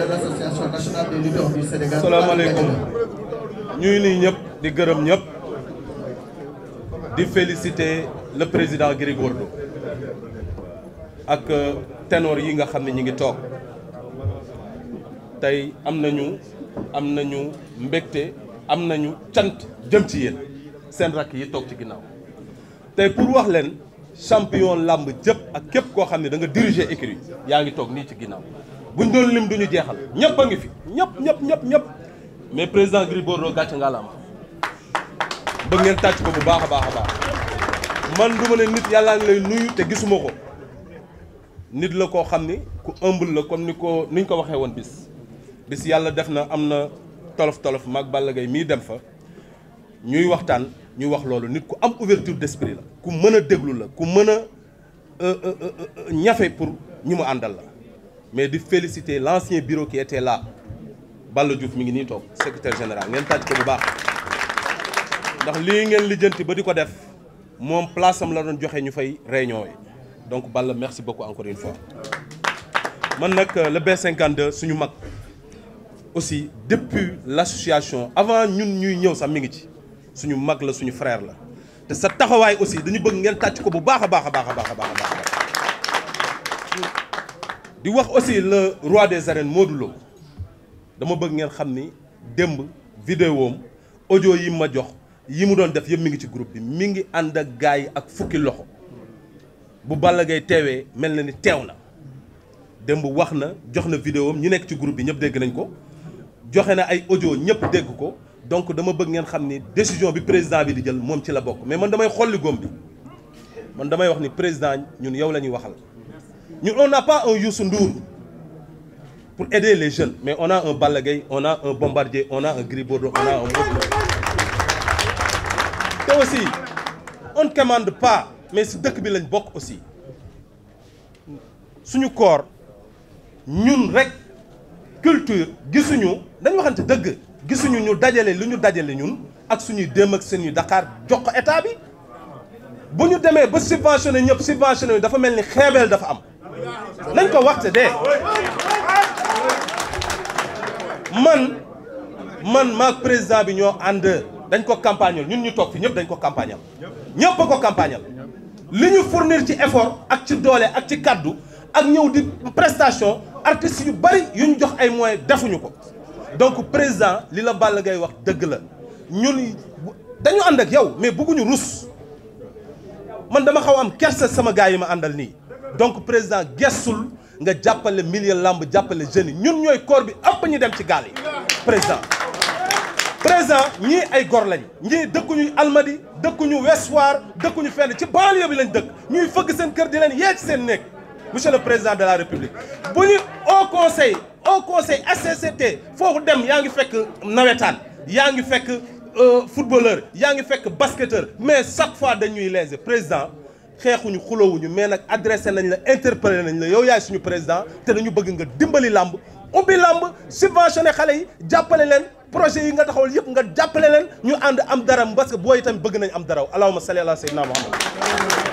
de l'association nationale des lutteurs ñuy nuyu ñëpp di gërëm ñëpp di féliciter le président Gris Bordeaux ak euh, ténor yi nga xam ne ñi ngi toog tey am nañu am nañu mbégte am nañu cant jëm ci yéen seen rakk yi toog ci ginnaaw tey pour wax leen champion làmb jëpp ak képp koo xam ne da nga diriger écurie yaa ngi toog nii ci ginnaaw buñ doon lim duñu jeexal ñëpp a ngi fi ñëpp ñëpp ñëpp ñëpp mais président Gris Bordeaux gàcce nga la ma bëgg ngeen tàcc ko bu baax a baax a baax man du ne nit yàllaa ngi lay nuyu te gisuma ko nit la koo xam ni ku humble la comme ni ko ni ñu ko waxee woon bis bis yàlla def na am na tolof tolof maag Balla Gaye mii dem fa ñuy waxtaan ñu wax loolu nit ku am ouverture d'esprit la ku mën a déglu la ku mën a euh, euh, euh, ñafe pour ñu mu àndal la mais di féliciter l'ancien bureau qui était là Balla Diouf mi ngi nii toog secrétaire général ngeen tàj ko bu baax ndax lii ngeen lijjanti ba di ko def moom place am la doon joxe ñu fay réunion yi donc Balla merci beaucoup encore une fois man nag euh, le B52 suñu mag aussi depuis l'association avant ñun ñuy ñëw sax mi ngi ci suñu mag la suñu frère la te sa taxawaay aussi dañu bëgg ngeen tàcc ko bu baax a baax a baax a baax a baax di wax aussi le roi des arènes Modou Lo dama bëgg ngeen xam ni démb vidéo am audio yi ma jox yi mu doon def yëpp mi ngi ci groupe bi mi ngi ànd ak gars yi ak fukki loxo bu Balla Gaye teewee mel na ni teew na démb wax na jox na vidéo am ñu nekk ci groupe bi ñëpp dégg nañ ko joxe na ay audio ñëpp dégg ko donc dama bëgg ngeen xam ni décision bi président bi di jël moom ci la bokk mais man damay xolli góom bi man damay wax ni président ñun yow la ñuy waxal ñun on n'a pas un Youssou pour aider les jeunes mais on a un Balla Gaye on a un Bombardier on a un Gris Bordeaux on a un Modou te aussi on ne commande pas mais si dëkk bi lañ bokk aussi suñu koor ñun rek culture gisuñu dañ waxante dëgg gisuñu ñu dajale lu ñu dajale ñun ak suñuy déem ak seen yu Dakar jox ko état bi bu ñu demee ba subventionné ñëpp subventionné dafa mel ni xeebeel dafa am nañ ko waxte dee man man maag président bi ñoo ànd dañ ko campagnal ñun ñu toog fi ñëpp dañ ko campagnal ñëpp a ko campagnal li ñu fournir ci effort ak ci doole ak ci kàddu ak ñëw di prestation artistes yu bari yu ñu jox ay moyens defuñu ko donc président li la Balla Gaye wax dëgg la ñun dañu ànd ak yow mais bëgguñu rus man dama xaw am kersa sama gars yi ma àndal nii donc président gestul nga jàppale milieu lamb jàppale jeunes yi ñun ñooy corps bi ëpp ñu dem ci gaal yi président président ñii ay gor lañ ñii dëkkuñu Almadi dëkkuñu Ouest Foire dëkkuñu fenn ci banlieue bi lañ dëkk ñuy fëgg seen kër di leen yee ci seen néeg monsieur le président de la république bu ñu au conseil au conseil HCCT foofu dem yaa ngi fekk nawetaan yaa ngi fekk euh, footballeur yaa ngi fekk basketteur mais chaque fois dañuy léser président xeexuñu xulowuñu mais nag adressé nañ la interpellé nañ la yow yaay suñu président te dañu bëgg nga dimbali làmb ubbi làmb subventionné xale yi jàppale leen projet yi nga taxawal yëpp nga jàppale leen ñu ànd am dara parce que booy itam bëgg nañ am dara allahumma salli ala sayyidina muhammad